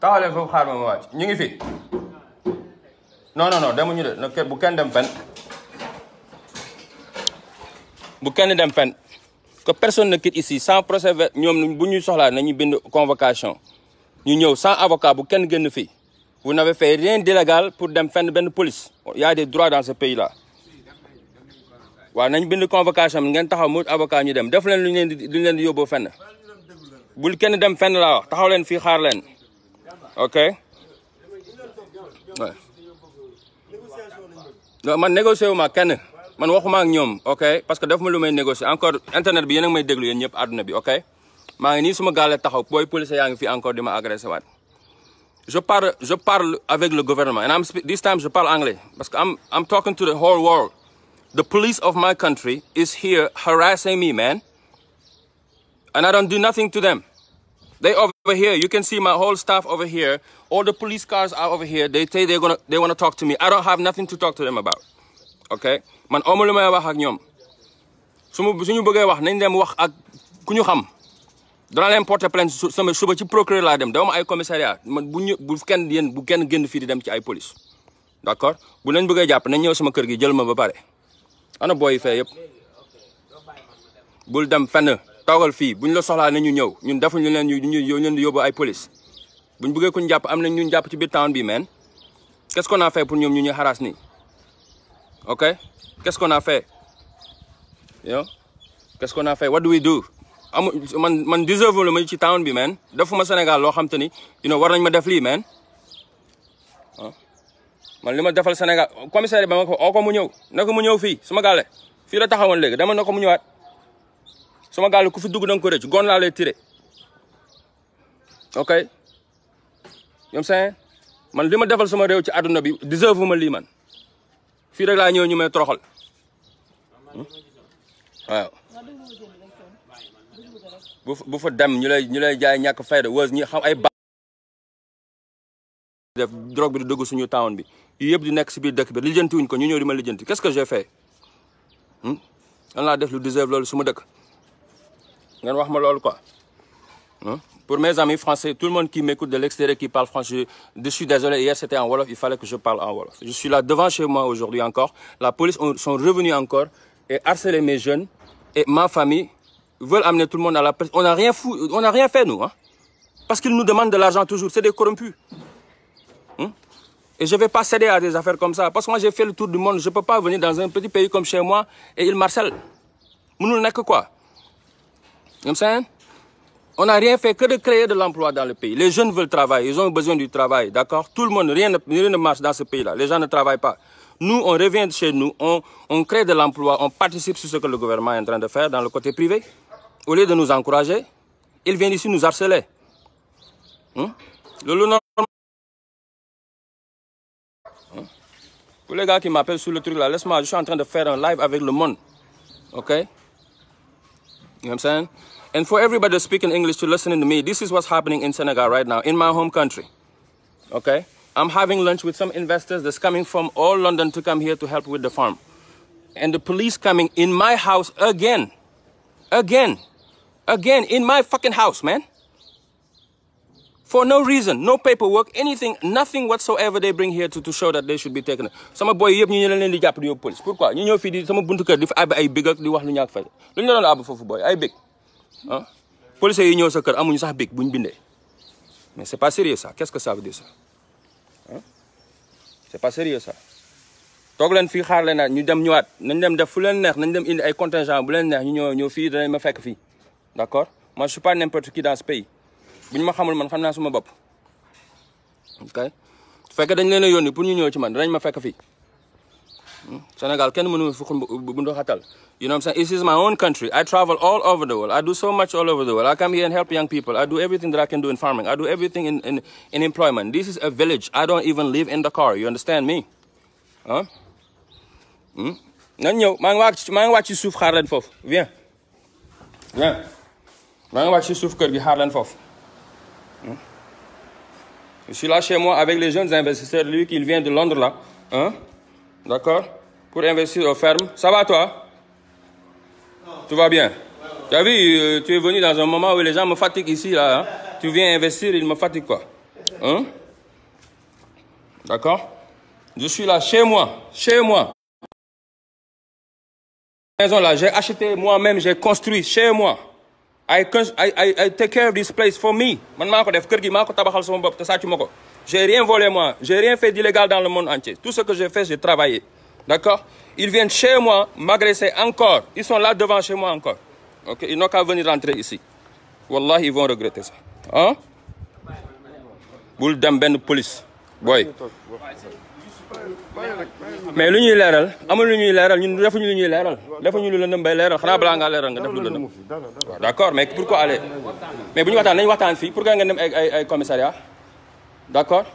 taxaw leen foofu xaar ma ma wàcc ñu ngi fi no non non demuñu de na bu kenn dem fen bu kenn dem fen que personne ne quitte ici sans procès ñoom bu ñuy soxlaa nañu bind convocation ñu ñëw sans avocat bu kenn génn fii vous n'avez fait rien d'illégal pour dem fenn benn police il y a des droits dans ce pays là waaw nañ bind convocation ngeen taxaw mu avocat ñu dem def leen lu ñu leen di leen di yóbboo fenn bul kenn dem fenn la wax taxaw leen fii xaar leen ok man négocié wu ma kenn man waxuma ak ñoom ok parce que daf ma lu may négocier encore internet bi yéen a may déglu yéen ñëpp àdduna bi ok maa ngi nii suma gaale taxaw booy police yaa ngi fi encore di ma agressé waat je parle je parle avec le gouvernement and I'm this time je parle anglais parce que I'm am talking to the whole world the police of my country is here harassing me man and I don't do nothing to them They over here. You can see my whole staff over here. All the police cars are over here. They say they're gonna they wanna talk to me. I don't have nothing to talk to them about. ok man awma wax ak ñoom su ma suñu bëggee wax nañ dem wax ak ku ñu xam dana leen porter plainte sama suba ci procureur laa dem dama ay commissariat man bu ñu bu kenn yéen bu kenn génn fii di dem ci ay police d' accord bu leen bëggee jàpp nañ ñëw sama kër gi jël ma ba pare ana booy fee yëpp bul dem fenn toogal fii buñ la soxlaa nañu ñëw ñun defuñ leen ñu ñu leen di yóbbu ay police buñ bëggee kuñ jàpp am nañ ñun jàpp ci biir town bi man qu'est-ce qu'on a fait pour ñoom ñu ñuy xaraas nii ok qu'est-ce qu'on a fait yow qu'est-ce qu'on a fait what do we do amu man man deserve lu ma ci town bi man defuma Sénégal loo xam te ni you know war nañ ma def lii man man li ma defal Sénégal commissaire bi ma ko oo ko mu ñëw na ko mu ñëw fii suma gàlle fii la taxawoon léegi dama na ko mu ñëwaat sama ku fi dugg danga ko rëcc gon laa lay ok ñoom sax man li ma defal sama réew ci àdduna bi deserve ma lii man fii rek laa ñëw ñu may toroxal hmm? waaw bu bu dem ñu lay ñu lay jaay ñàkk fayda wës ñi xam ay ba def dugg suñu town bi yëpp di nekk si biir bi lijjanti wuñ ko ñu ñëw ma lijjanti quest que j'ai fait hmm? laa def loolu su dëkk ngeen wax ma loolu quoi hmm? pour mes amis français tout le monde qui m'écoute de l'extérieur qui parle français je suis désolé hier c'était en wolof il fallait que je parle en wolof je suis là devant chez moi aujourd'hui encore la police sont revenus encore et harceler mes jeunes et ma famille veulent amener tout on n'a rien fait nous parce qu'ils nous demandent de l'argent toujours c'est des corrompus hmm? et je vais pas céder à des affaires comme ça parce que moi j'ai fait le tour du monde je peux pas venir dans un quoi You know what I'm saying? On n'a rien fait que de créer de l'emploi dans le pays. Les jeunes veulent travailler, ils ont besoin du travail, d'accord Tout le monde, rien ne, rien ne marche dans ce pays Les gens ne travaillent pas. Nous, on revient de chez nous, on, on crée de l'emploi, on participe sur ce que le gouvernement est en train de faire dans le côté privé. Au lieu de nous encourager, ils viennent ici nous harceler. Pour les gars qui m'appellent sur le truc là, laisse je suis en You know what I'm saying? And for everybody that's speaking English to listening to me, this is what's happening in Senegal right now, in my home country. Okay? I'm having lunch with some investors that's coming from all London to come here to help with the farm. And the police coming in my house again. Again. Again, in my fucking house, man. for no reason no paperwork anything nothing whatsoever they bring here to to show that they should be taken sama boy yëpp ñu leen di jàpp di yóbbu police pourquoi ñu ñëw fii di sama buntu kër di fa àbb ay big ak ay big ah policiers yi ñëw sa kër amuñu sax big buñ bindee mais c'est pas sérieux ça qu'est-ce que sa veut dire ça ah c'est pas sérieux ça toog leen fii xaar leen naa ñu dem ñëwaat nañ dem def fu leen neex nañ dem indi ay contingent bu leen neex ñu ñëw ñëw fii danañ ma fekk fi d'accord moi je suis pas n'importe qui dans ce bu ñu ma xamul man xam naa suma bopp dañ leen a yónni pour ñu ñëw ci man dañ ma fekk fii hmm? senegal kenn mënu ma fi xum bu ndoxatal you know what I'm saying this is my own country I travel all over the world I do so much all over the world I come here and help young people I do everything that I can do in farming I do everything in employment this is a village I don't even live in the car you understand me hmm? nan ñëw maa ngi wàcc maa ngi wàcc ci suuf foofu viens ngi wàcc ci suuf kër gi foofu Je suis là chez moi avec les jeunes investisseurs, lui qui vient de Londres là. Hein? D'accord Pour investir aux ferme Ça va toi non. Tout va bien euh, Tu as vu, tu venu dans un moment où les gens me fatiguent ici là. Hein? Tu viens investir, ils me fatiguent quoi. Hein? D'accord Je suis là chez moi, chez moi. Maison là, j'ai acheté moi-même, j'ai construit chez moi. I I I I take care of this place for me man maa ko def kër gi maa ko tabaxal sama bopp te sàccu ma ko j'ai rien volé moi j'ai rien fait d'illégal dans le monde entier tout ce que j'ai fait j'ai travaillé d'accord ils viennent chez moi m'agresser encore ils sont là devant chez moi encore ok ils n'ont qu'à venir rentrer ici wallahi ils vont regretter ça ah bul dem benn police booy mais lu ñuy leeral amul lu ñuy leeral ñun defuñu lu ñuy leeral ñu lu lëndëm bay leeral xanaa balaa ngaa leeral nga def lu lëndëm waaw d' accord mais pourquoi mais bu ñu waxtaan nañu waxtaan fii pourquoi ngeen dem ay ay ay commissariat d' accord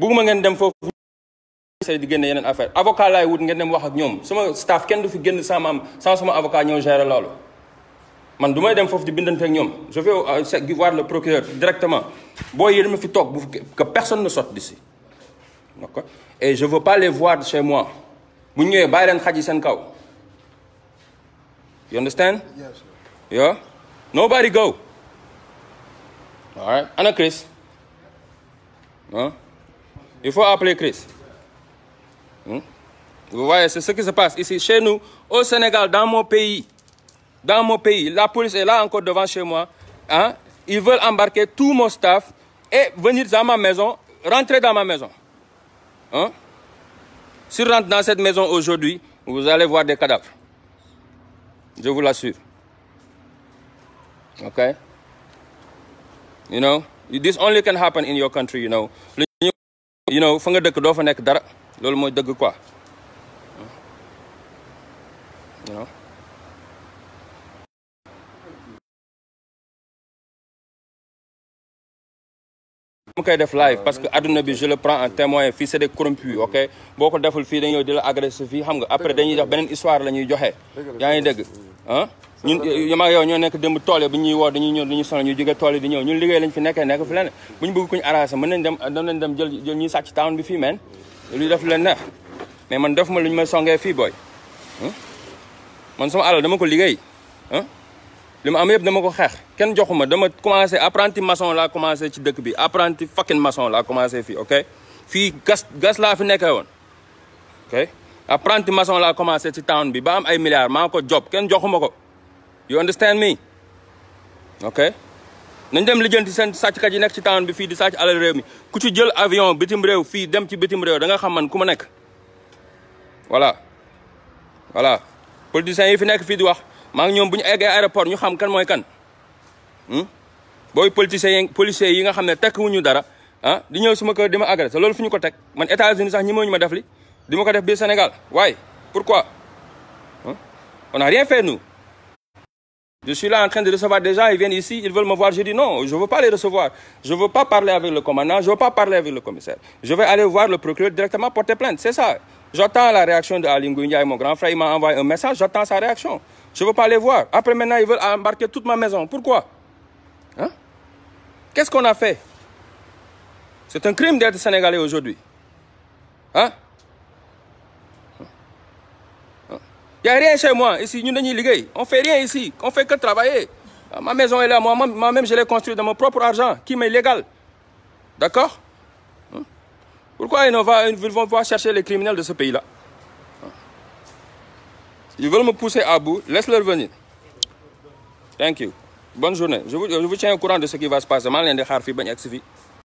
ngeen dem foofu say di génne yeneen affaire avocat laay wut ngeen dem wax ak ñoom sama staff kenn du fi génn sama am sans sama avocat ñëw gérer loolu man du may dem foofu di bindante ak ñoom je vais euh, voir le directement boo yéen ma fi toog bu que personne ne sorte d'ici d'accord et je veux pas les voir chez moi bu ñëwee bàyyi leen xaj yi seen kaw you understand yes yeah nobody go all Chris il faut appeler Chris hmm? vous voyez c'est ce qui se passe ici chez nous au Sénégal dans mon pays dans mon la police est là encore devant chez moi il ils veulent embarquer tout mon staff et venir dans ma maison rentrer dans ma maison Hein? Si on rentre dans cette maison aujourd'hui, vous allez voir des cadavres. Je vous l'assure. Okay? You know, this only can happen in your country, you know. You know, fa nga dëkk doo fa nekk dara. Loolu mooy dëgg quoi. mu koy def live parce que adduna bi je le prends en témoin fii c'est des ok boo ko deful fii dañoo di la agressé fii xam nga après dañuy def beneen histoire la joxe yaa ngi dégg ah ñun yow ñoo nekk démb tool bu ñuy woo dañuy ñëw dañuy sonal ñu jóge tool yi di ñëw ñun liggéey lañ fi nekkee nekk fi leen bu ñu bëgg ku ñu arrangé mën nañ dem dem nañ dem jël jël ñuy sàcc town bi fii meen lu def leen neex mais man def ma lu ñu may songee fii booy man sama alal dama ko liggéey ah li ma am yëpp dama ko xeex kenn joxuma dama commencé apprenti maçon laa commencé ci dëkk bi apprenti fucking maçon laa commencé fii ok fii gas gas laa fi nekkee woon ok apprenti maçon laa commencé ci town bi ba am ay milliards maa ko job kenn joxuma ko you understand me ok nañ dem lijjanti seen sàcckat yi nekk ci town bi fii di sàcc alal réew mi ku ci jël avion bitim réew fii dem ci bitim réew danga xam man ku ma nekk voilà voilà politiciens yi fi nekk fii di wax maa ngi ñoom bu ñu eggee aéroport ñu xam kan mooy kan hmm? booy politiciens yi policiers yi nga xam ne tekk wuñu dara ah di ñëw suma kër di ma agressé loolu fu ñu ko teg man États-Unis sax ñi ñu ma def li di ma ko def biir Sénégal waaye pourquoi hmm? on a rien fait nous je suis là en train de recevoir des gens ils ici ils veulent me voir je dis non je veux pas les recevoir je veux pas parler avec le commandant je pas parler avec le commissaire Je ne veux pas les voir. Après, maintenant, ils veulent embarquer toute ma maison. Pourquoi hein? Qu'est-ce qu'on a fait C'est en crime d'être Sénégalais aujourd'hui. Hein Il n'y a rien chez moi ici, nous On ne fait rien ici, on ne fait que ah, Ma maison est là, moi-même, moi je l'ai construite de mon propre argent, qui m'est légal. D'accord Pourquoi ils, vont, ils vont voir chercher les de ce pays-là Ils veulent me pousser à bout, laisse-leur venir. Thank you. Bonne journée. Je vous, je vous tiens au courant de ce qui va se passer. Je vais vous